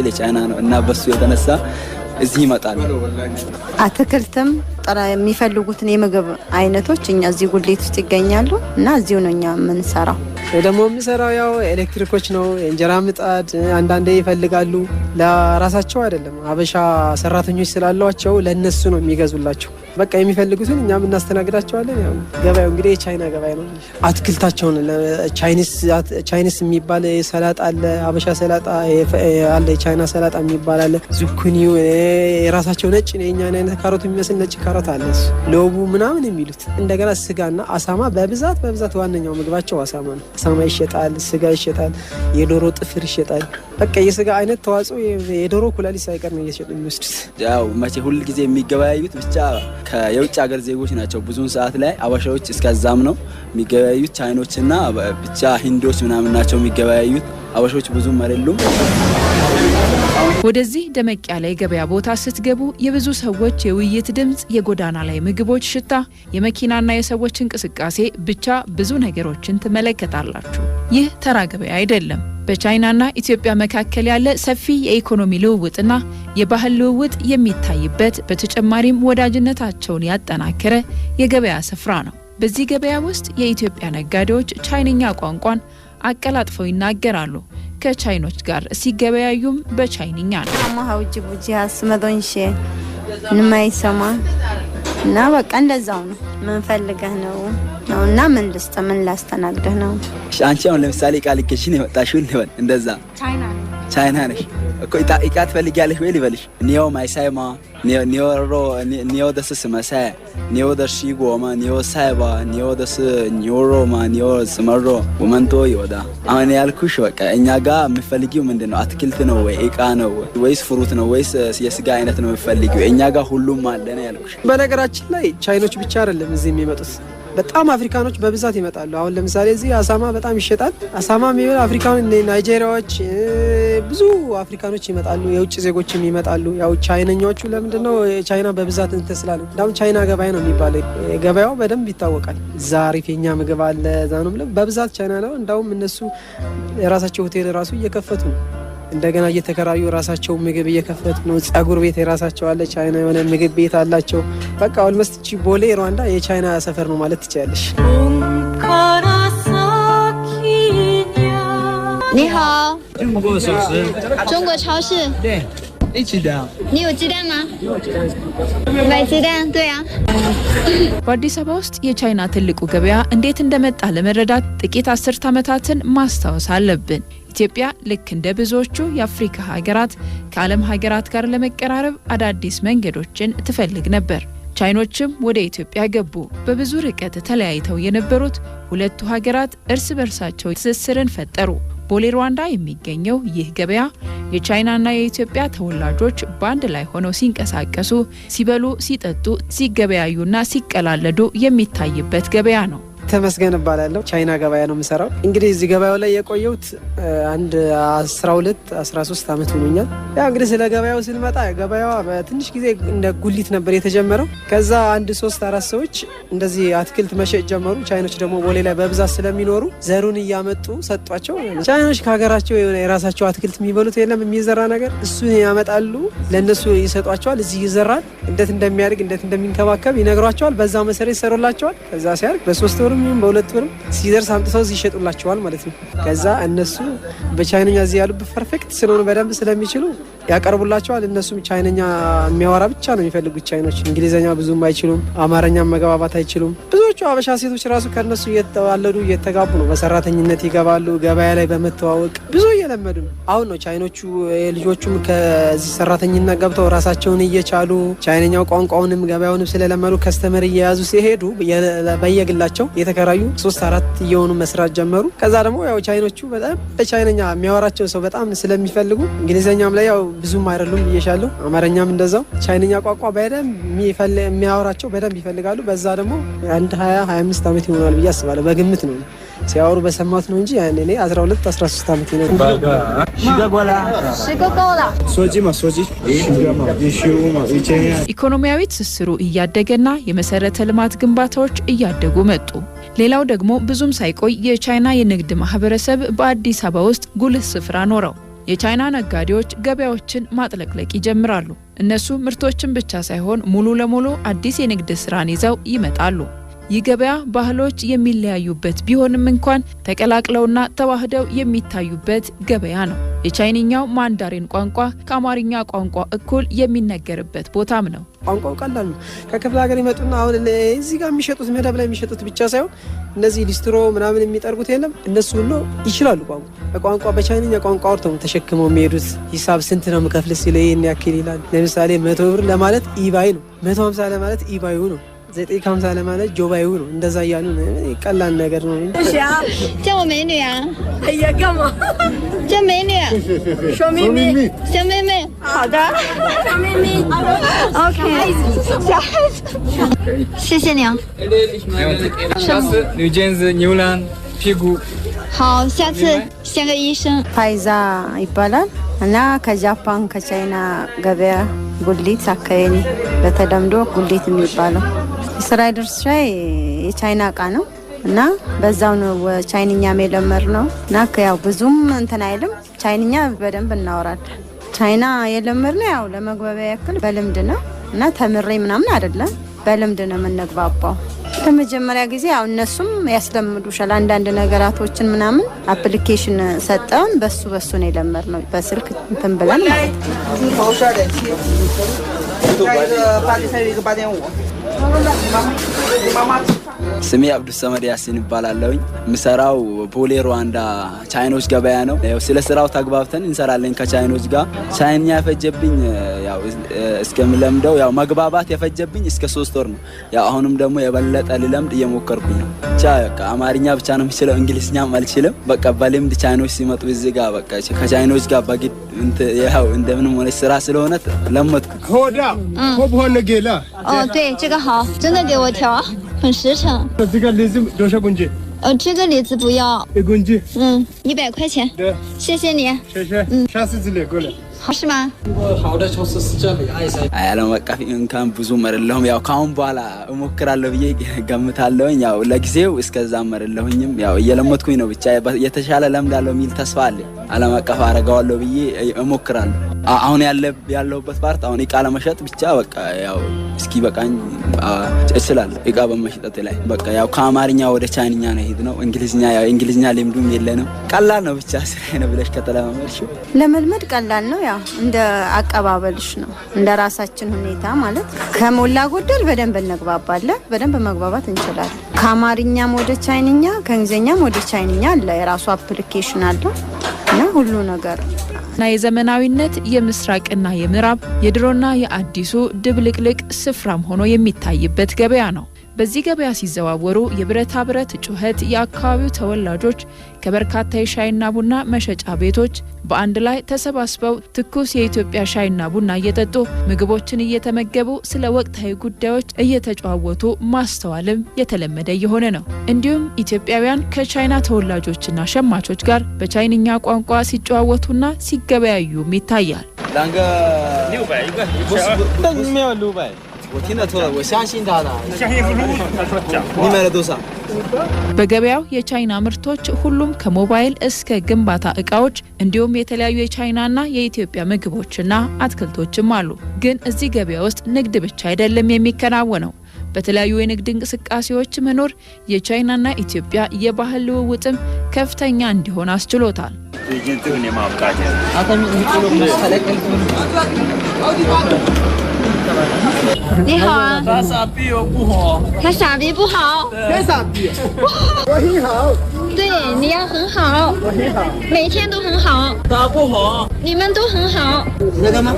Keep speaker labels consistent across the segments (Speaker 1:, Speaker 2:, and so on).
Speaker 1: ክፍል የቻይና ነው እና በሱ የተነሳ እዚህ ይመጣል።
Speaker 2: አትክልትም ጥራ የሚፈልጉትን የምግብ አይነቶች እኛ እዚህ ጉሌት ውስጥ ይገኛሉ እና እዚሁ ነው እኛ የምንሰራው።
Speaker 3: ደግሞ የምንሰራው ያው ኤሌክትሪኮች ነው። የእንጀራ ምጣድ አንዳንዴ ይፈልጋሉ። ለራሳቸው አይደለም፣ አበሻ ሰራተኞች ስላሏቸው ለእነሱ ነው የሚገዙላቸው። በቃ የሚፈልጉትን እኛም እናስተናግዳቸዋለን። ያው ገበያው እንግዲህ የቻይና ገበያ ነው። አትክልታቸውን ቻይኒስ የሚባል ሰላጣ አለ፣ አበሻ ሰላጣ አለ፣ የቻይና ሰላጣ የሚባል አለ፣ ዙኩኒው የራሳቸው ነጭ የእኛን አይነት ካሮት የሚመስል ነጭ ካሮት አለ፣ ሎቡ ምናምን የሚሉት እንደገና ስጋና አሳማ በብዛት በብዛት ዋነኛው ምግባቸው አሳማ ነው። አሳማ ይሸጣል፣ ስጋ ይሸጣል፣ የዶሮ ጥፍር ይሸጣል። በቃ የስጋ አይነት ተዋጽኦ የዶሮ ኩላሊት ሳይቀር ነው እየሸጡ የሚወስዱት።
Speaker 1: ያው መቼ ሁልጊዜ የሚገበያዩት ብቻ ከየውጭ ሀገር ዜጎች ናቸው። ብዙውን ሰዓት ላይ አበሻዎች እስከዛም ነው የሚገበያዩት። ቻይኖችና ብቻ ሂንዶች ምናምን ናቸው የሚገበያዩት። አበሾች ብዙም አይደሉም።
Speaker 4: ወደዚህ ደመቅ ያለ የገበያ ቦታ ስትገቡ የብዙ ሰዎች የውይይት ድምፅ፣ የጎዳና ላይ ምግቦች ሽታ፣ የመኪናና የሰዎች እንቅስቃሴ ብቻ ብዙ ነገሮችን ትመለከታላችሁ። ይህ ተራ ገበያ አይደለም። በቻይናና ኢትዮጵያ መካከል ያለ ሰፊ የኢኮኖሚ ልውውጥና የባህል ልውውጥ የሚታይበት በተጨማሪም ወዳጅነታቸውን ያጠናከረ የገበያ ስፍራ ነው። በዚህ ገበያ ውስጥ የኢትዮጵያ ነጋዴዎች ቻይንኛ ቋንቋን አቀላጥፈው ይናገራሉ። ከቻይኖች ጋር ሲገበያዩም በቻይንኛ ነው። ንማይሰማ
Speaker 2: እና በቃ እንደዛው ነው። ምን ፈልገህ ነው ነው እና ምን ልስጥ ምን ላስተናግደህ ነው?
Speaker 1: አንቺ አሁን ለምሳሌ ቃል ከሽን የመጣሽውን ይሆን እንደዛ ቻይና ነው ቻይና ነሽ እኮ እቃ ትፈልጊያለሽ ወይ ሊበልሽ ኒዮ ማይሳይማ ኒዮ ሮ ኒዮ ደስ ስመሰ ኒዮ ደስ ጎማ ኒዮ ሳይባ ኒዮ ደስ ኒዮ ሮማ ኒዮ ስመሮ ወመንቶ ይወዳ አሁን ያልኩሽ በቃ እኛ ጋ የምፈልጊው ምንድን ነው? አትክልት ነው ወይ እቃ ነው ወይስ ፍሩት ነው ወይስ የስጋ አይነት ነው የምፈልጊው? እኛ ጋ ሁሉም አለ ነው ያልኩሽ።
Speaker 3: በነገራችን ላይ ቻይኖች ብቻ አይደለም እዚህ የሚመጡት በጣም አፍሪካኖች በብዛት ይመጣሉ። አሁን ለምሳሌ እዚህ አሳማ በጣም ይሸጣል። አሳማ የሚበሉ አፍሪካን ናይጄሪያዎች፣ ብዙ አፍሪካኖች ይመጣሉ። የውጭ ዜጎችም ይመጣሉ። ያው ቻይነኞቹ ለምንድነው ቻይና በብዛት እንትን ስላለ እንዳሁም ቻይና ገበያ ነው የሚባለው። ገበያው በደንብ ይታወቃል። እዛ አሪፍ የኛ ምግብ አለ። እዛ ነው በብዛት ቻይና ነው። እንዳሁም እነሱ የራሳቸው ሆቴል ራሱ እየከፈቱ ነው እንደገና እየተከራዩ ራሳቸው ምግብ እየከፈቱ ነው። ጸጉር ቤት የራሳቸው አለ። ቻይና የሆነ ምግብ ቤት አላቸው። በቃ ኦልሞስት እቺ ቦሌ ሩዋንዳ የቻይና ሰፈር ነው ማለት ትችላለሽ። ኒሃ 一起的。
Speaker 4: 你有鸡蛋吗？买鸡蛋，对啊。በአዲስ አበባ ውስጥ የቻይና ትልቁ ገበያ እንዴት እንደመጣ ለመረዳት ጥቂት አስርት ዓመታትን ማስታወስ አለብን። ኢትዮጵያ ልክ እንደ ብዙዎቹ የአፍሪካ ሀገራት ከዓለም ሀገራት ጋር ለመቀራረብ አዳዲስ መንገዶችን ትፈልግ ነበር። ቻይኖችም ወደ ኢትዮጵያ ገቡ። በብዙ ርቀት ተለያይተው የነበሩት ሁለቱ ሀገራት እርስ በርሳቸው ትስስርን ፈጠሩ። ቦሌ ሩዋንዳ የሚገኘው ይህ ገበያ የቻይናና የኢትዮጵያ ተወላጆች በአንድ ላይ ሆነው ሲንቀሳቀሱ፣ ሲበሉ፣ ሲጠጡ፣ ሲገበያዩና ሲቀላለዱ የሚታይበት ገበያ ነው። ተመስገን
Speaker 3: እባላለሁ። ቻይና ገበያ ነው የምሰራው። እንግዲህ እዚህ ገበያው ላይ የቆየሁት አንድ 12 13 ዓመት ሆኖኛል። ያ እንግዲህ ስለ ገበያው ስንመጣ ገበያዋ በትንሽ ጊዜ እንደ ጉሊት ነበር የተጀመረው። ከዛ አንድ ሶስት አራት ሰዎች እንደዚህ አትክልት መሸጥ ጀመሩ። ቻይኖች ደግሞ ቦሌ ላይ በብዛት ስለሚኖሩ ዘሩን እያመጡ ሰጧቸው። ቻይኖች ከሀገራቸው የሆነ የራሳቸው አትክልት የሚበሉት የለም የሚዘራ ነገር፣ እሱን ያመጣሉ፣ ለእነሱ ይሰጧቸዋል። እዚህ ይዘራል። እንዴት እንደሚያድግ እንዴት እንደሚንከባከብ ይነግሯቸዋል። በዛ መሰረት ይሰሩላቸዋል። ከዛ ሲያድግ በሶስት ወሩ በአስርም ይሁን በሁለት ወርም ሲደርስ አምጥተው ይሸጡላቸዋል ማለት ነው። ከዛ እነሱ በቻይንኛ እዚህ ያሉ ፐርፌክት ስለሆኑ በደንብ ስለሚችሉ ያቀርቡላቸዋል። እነሱም ቻይነኛ የሚያወራ ብቻ ነው የሚፈልጉት ቻይኖች። እንግሊዝኛ ብዙም አይችሉም፣ አማርኛም መገባባት አይችሉም። ብዙዎቹ አበሻ ሴቶች ራሱ ከእነሱ እየተዋለዱ እየተጋቡ ነው። በሰራተኝነት ይገባሉ። ገበያ ላይ በመተዋወቅ ብዙ እየለመዱ ነው። አሁን ነው ቻይኖቹ ልጆቹም ከዚህ ሰራተኝነት ገብተው ራሳቸውን እየቻሉ ቻይነኛው ቋንቋውንም ገበያውንም ስለለመዱ ከስተመር እየያዙ ሲሄዱ በየግላቸው የተከራዩ ሶስት አራት እየሆኑ መስራት ጀመሩ። ከዛ ደግሞ ያው ቻይኖቹ በጣም በቻይነኛ የሚያወራቸው ሰው በጣም ስለሚፈልጉ እንግሊዝኛም ላይ ያው ብዙም አይደሉም ብዬሻለሁ። አማርኛም እንደዛው ቻይንኛ ቋንቋ በደንብ የሚያወራቸው በደንብ ይፈልጋሉ። በዛ ደግሞ አንድ 20 25 ዓመት ይሆናል ብዬ አስባለሁ። በግምት ነው ሲያወሩ በሰማት ነው እንጂ እኔ 12 13 ዓመት ነው።
Speaker 4: ኢኮኖሚያዊ ትስስሩ እያደገና የመሰረተ ልማት ግንባታዎች እያደጉ መጡ። ሌላው ደግሞ ብዙም ሳይቆይ የቻይና የንግድ ማህበረሰብ በአዲስ አበባ ውስጥ ጉልህ ስፍራ ኖረው የቻይና ነጋዴዎች ገበያዎችን ማጥለቅለቅ ይጀምራሉ። እነሱ ምርቶችን ብቻ ሳይሆን ሙሉ ለሙሉ አዲስ የንግድ ስራን ይዘው ይመጣሉ። የገበያ ባህሎች የሚለያዩበት ቢሆንም እንኳን ተቀላቅለውና ተዋህደው የሚታዩበት ገበያ ነው። የቻይንኛው ማንዳሪን ቋንቋ ከአማርኛ ቋንቋ እኩል የሚነገርበት ቦታም ነው።
Speaker 3: ቋንቋው ቀላል ነው። ከክፍለ ሀገር ይመጡና አሁን እዚህ ጋር የሚሸጡት መደብ ላይ የሚሸጡት ብቻ ሳይሆን እነዚህ ሊስትሮ ምናምን የሚጠርጉት የለም እነሱ ሁሉ ይችላሉ። ቋንቋ በቋንቋ በቻይንኛ ቋንቋ አውርተው ተሸክመው የሚሄዱት ሂሳብ ስንት ነው ምከፍል ሲል ይህን ያክል ይላል። ለምሳሌ መቶ ብር ለማለት ኢባይ ነው፣ መቶ ሀምሳ ለማለት ኢባዩ ነው። ዘጠኝ ከምሳ ለማለት ጆባይው ነው። እንደዛ እያሉ ቀላል ነገር ነው።
Speaker 2: ፓይዛ ይባላል እና ከጃፓን ከቻይና ገበያ ጉሊት አካባቢ በተለምዶ ጉሊት የሚባለው ስራ ድርስ የቻይና እቃ ነው እና በዛው ነው ቻይንኛ የለመር ነው እና ያው ብዙም እንትን አይልም። ቻይንኛ በደንብ እናወራለን። ቻይና የለመር ነው ያው ለመግባቢያ ያክል በልምድ ነው እና ተምሬ ምናምን አይደለም፣ በልምድ ነው የምንግባባው። ከመጀመሪያ ጊዜ ያው እነሱም ያስለምዱሻል አንዳንድ ነገራቶችን ምናምን አፕሊኬሽን ሰጠውን። በሱ በሱ ነው የለመር ነው
Speaker 3: በስልክ እንትን
Speaker 2: ብለን ማለት ነው
Speaker 1: ስሜ አብዱ ሰመድ ያሲን ይባላለሁኝ። ምሰራው ቦሌ ሩዋንዳ ቻይኖች ገበያ ነው። ስለ ስራው ተግባብተን እንሰራለን ከቻይኖች ጋር። ቻይንኛ ያፈጀብኝ ያው እስከምለምደው ያው መግባባት የፈጀብኝ እስከ ሶስት ወር ነው። ያው አሁንም ደግሞ የበለጠ ልለምድ እየሞከርኩኝ ነው። ብቻ አማርኛ ብቻ ነው የምችለው፣ እንግሊዝኛም አልችልም። በቃ በልምድ ቻይኖች ሲመጡ እዚህ ጋር በቃ ከቻይኖች ጋር በግድ ያው እንደምንም ሆነች ስራ ስለሆነ ለመድኩ። ሆዳ ሆብሆነ ጌላ
Speaker 3: ኦ ዴ ጀጋ ሃ ዘንደ ጌ ወ ቲያዋ ሁን ዶሸ ጉንጄ
Speaker 2: 呃，这个梨子不要。没工具。嗯，一百块钱。对，谢谢你。谢谢。嗯，下
Speaker 1: 次这来过来。好是吗？这个好的超市是真的安全。哎呀，他们咖啡因看不足嘛的，他们要看不来了。我们看了以后，他们他们要了解乌是卡扎嘛的，他们要也要他们看到乌斯卡扎阿拉姆达乌米尔塔斯瓦里阿拉姆卡法尔卡乌斯卡扎。አሁን ያለሁበት ፓርት አሁን እቃ ለመሸጥ ብቻ በቃ ያው እስኪ በቃኝ እችላለሁ። እቃ በመሸጠት ላይ በቃ ያው ከአማርኛ ወደ ቻይንኛ ነው ሄድ ነው። እንግሊዝኛ ያው እንግሊዝኛ ልምዱም የለንም። ቀላል ነው ብቻ ስራ ነው ብለሽ ከተለማመድሽ
Speaker 2: ለመልመድ ቀላል ነው። ያው እንደ አቀባበልሽ ነው እንደ ራሳችን ሁኔታ ማለት ከሞላ ጎደል በደንብ እንግባባለን። በደንብ መግባባት እንችላለን። ከአማርኛም ወደ ቻይንኛ
Speaker 4: ከእንግሊዝኛም ወደ ቻይንኛ አለ። የራሱ አፕሊኬሽን አለ እና ሁሉ ነገር የጥንትና የዘመናዊነት የምስራቅና የምዕራብ የድሮና የአዲሱ ድብልቅልቅ ስፍራም ሆኖ የሚታይበት ገበያ ነው። በዚህ ገበያ ሲዘዋወሩ የብረታ ብረት ጩኸት የአካባቢው ተወላጆች ከበርካታ የሻይና ቡና መሸጫ ቤቶች በአንድ ላይ ተሰባስበው ትኩስ የኢትዮጵያ ሻይና ቡና እየጠጡ ምግቦችን እየተመገቡ ስለ ወቅታዊ ጉዳዮች እየተጨዋወቱ ማስተዋልም የተለመደ እየሆነ ነው። እንዲሁም ኢትዮጵያውያን ከቻይና ተወላጆችና ሸማቾች ጋር በቻይንኛ ቋንቋ ሲጨዋወቱና ሲገበያዩም ይታያል። በገበያው የቻይና ምርቶች ሁሉም ከሞባይል እስከ ግንባታ እቃዎች እንዲሁም የተለያዩ የቻይናና የኢትዮጵያ ምግቦችና አትክልቶችም አሉ። ግን እዚህ ገበያ ውስጥ ንግድ ብቻ አይደለም የሚከናወነው። በተለያዩ የንግድ እንቅስቃሴዎች መኖር የቻይናና ኢትዮጵያ የባህል ልውውጥም ከፍተኛ እንዲሆን አስችሎታል። 你
Speaker 1: 好啊！他傻逼哦，不好。他傻逼不好。别傻逼。
Speaker 2: 我很好。对，你要很好。我很好。每天都很好。他不好。你们都很好。你在干嘛？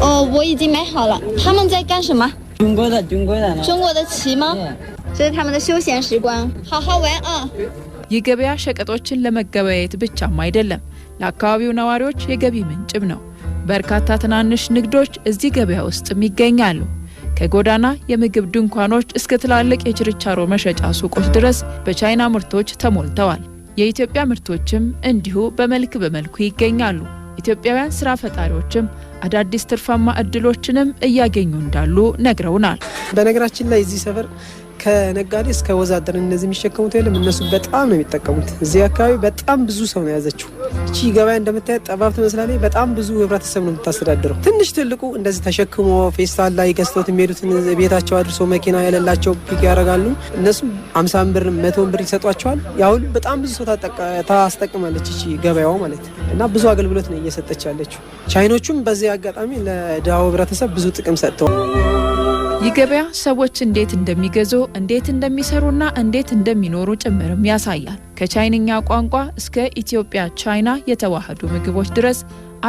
Speaker 2: 哦，我已经买好了。他们在干什么？
Speaker 4: 中国的，中国的中
Speaker 2: 国的旗吗？这是他们的休闲时光，好好玩啊！
Speaker 4: በርካታ ትናንሽ ንግዶች እዚህ ገበያ ውስጥም ይገኛሉ። ከጎዳና የምግብ ድንኳኖች እስከ ትላልቅ የችርቻሮ መሸጫ ሱቆች ድረስ በቻይና ምርቶች ተሞልተዋል። የኢትዮጵያ ምርቶችም እንዲሁ በመልክ በመልኩ ይገኛሉ። ኢትዮጵያውያን ስራ ፈጣሪዎችም አዳዲስ ትርፋማ እድሎችንም እያገኙ እንዳሉ ነግረውናል።
Speaker 3: በነገራችን ላይ እዚህ ሰፈር ከነጋዴ እስከ ወዛደር እነዚህ የሚሸከሙት የለም። እነሱ በጣም ነው የሚጠቀሙት። እዚህ አካባቢ በጣም ብዙ ሰው ነው የያዘችው። እቺ ገበያ እንደምታየት ጠባብ ትመስላለች። በጣም ብዙ ህብረተሰብ ነው የምታስተዳድረው። ትንሽ ትልቁ እንደዚህ ተሸክሞ ፌስታል ላይ ገዝተውት የሚሄዱትን ቤታቸው አድርሶ መኪና የሌላቸው ፒክ ያደርጋሉ። እነሱም አምሳን ብር መቶን ብር ይሰጧቸዋል። ያሁሉ በጣም ብዙ ሰው ታስጠቅማለች እቺ ገበያዋ ማለት እና ብዙ አገልግሎት ነው እየሰጠች ያለችው። ቻይኖቹም በዚህ አጋጣሚ ለድሃው ህብረተሰብ ብዙ ጥቅም ሰጥተዋል።
Speaker 4: የገበያ ሰዎች እንዴት እንደሚገዙ እንዴት እንደሚሰሩና እንዴት እንደሚኖሩ ጭምርም ያሳያል። ከቻይንኛ ቋንቋ እስከ ኢትዮጵያ ቻይና የተዋሃዱ ምግቦች ድረስ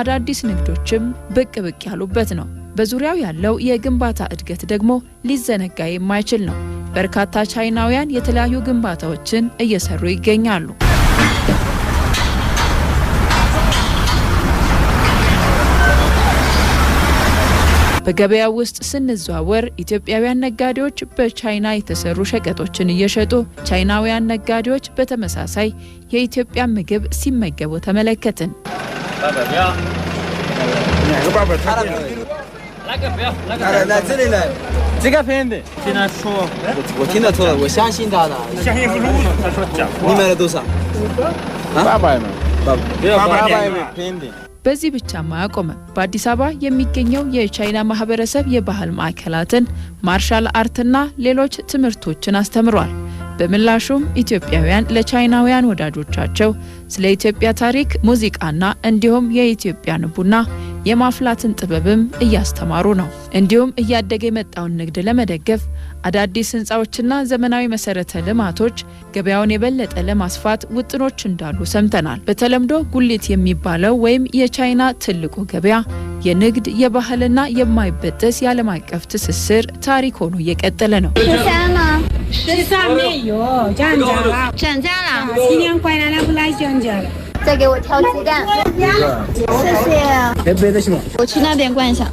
Speaker 4: አዳዲስ ንግዶችም ብቅ ብቅ ያሉበት ነው። በዙሪያው ያለው የግንባታ እድገት ደግሞ ሊዘነጋ የማይችል ነው። በርካታ ቻይናውያን የተለያዩ ግንባታዎችን እየሰሩ ይገኛሉ። በገበያ ውስጥ ስንዘዋወር ኢትዮጵያውያን ነጋዴዎች በቻይና የተሰሩ ሸቀጦችን እየሸጡ ቻይናውያን ነጋዴዎች በተመሳሳይ የኢትዮጵያ ምግብ ሲመገቡ ተመለከትን። በዚህ ብቻም አያቆመም። በአዲስ አበባ የሚገኘው የቻይና ማህበረሰብ የባህል ማዕከላትን፣ ማርሻል አርትና ሌሎች ትምህርቶችን አስተምሯል። በምላሹም ኢትዮጵያውያን ለቻይናውያን ወዳጆቻቸው ስለ ኢትዮጵያ ታሪክ፣ ሙዚቃና እንዲሁም የኢትዮጵያን ቡና የማፍላትን ጥበብም እያስተማሩ ነው። እንዲሁም እያደገ የመጣውን ንግድ ለመደገፍ አዳዲስ ህንፃዎችና ዘመናዊ መሰረተ ልማቶች ገበያውን የበለጠ ለማስፋት ውጥኖች እንዳሉ ሰምተናል። በተለምዶ ጉሊት የሚባለው ወይም የቻይና ትልቁ ገበያ የንግድ የባህልና የማይበጠስ የዓለም አቀፍ ትስስር ታሪክ ሆኖ እየቀጠለ ነው።
Speaker 2: 再给我挑鸡蛋，谢谢。别别我去那边逛一下。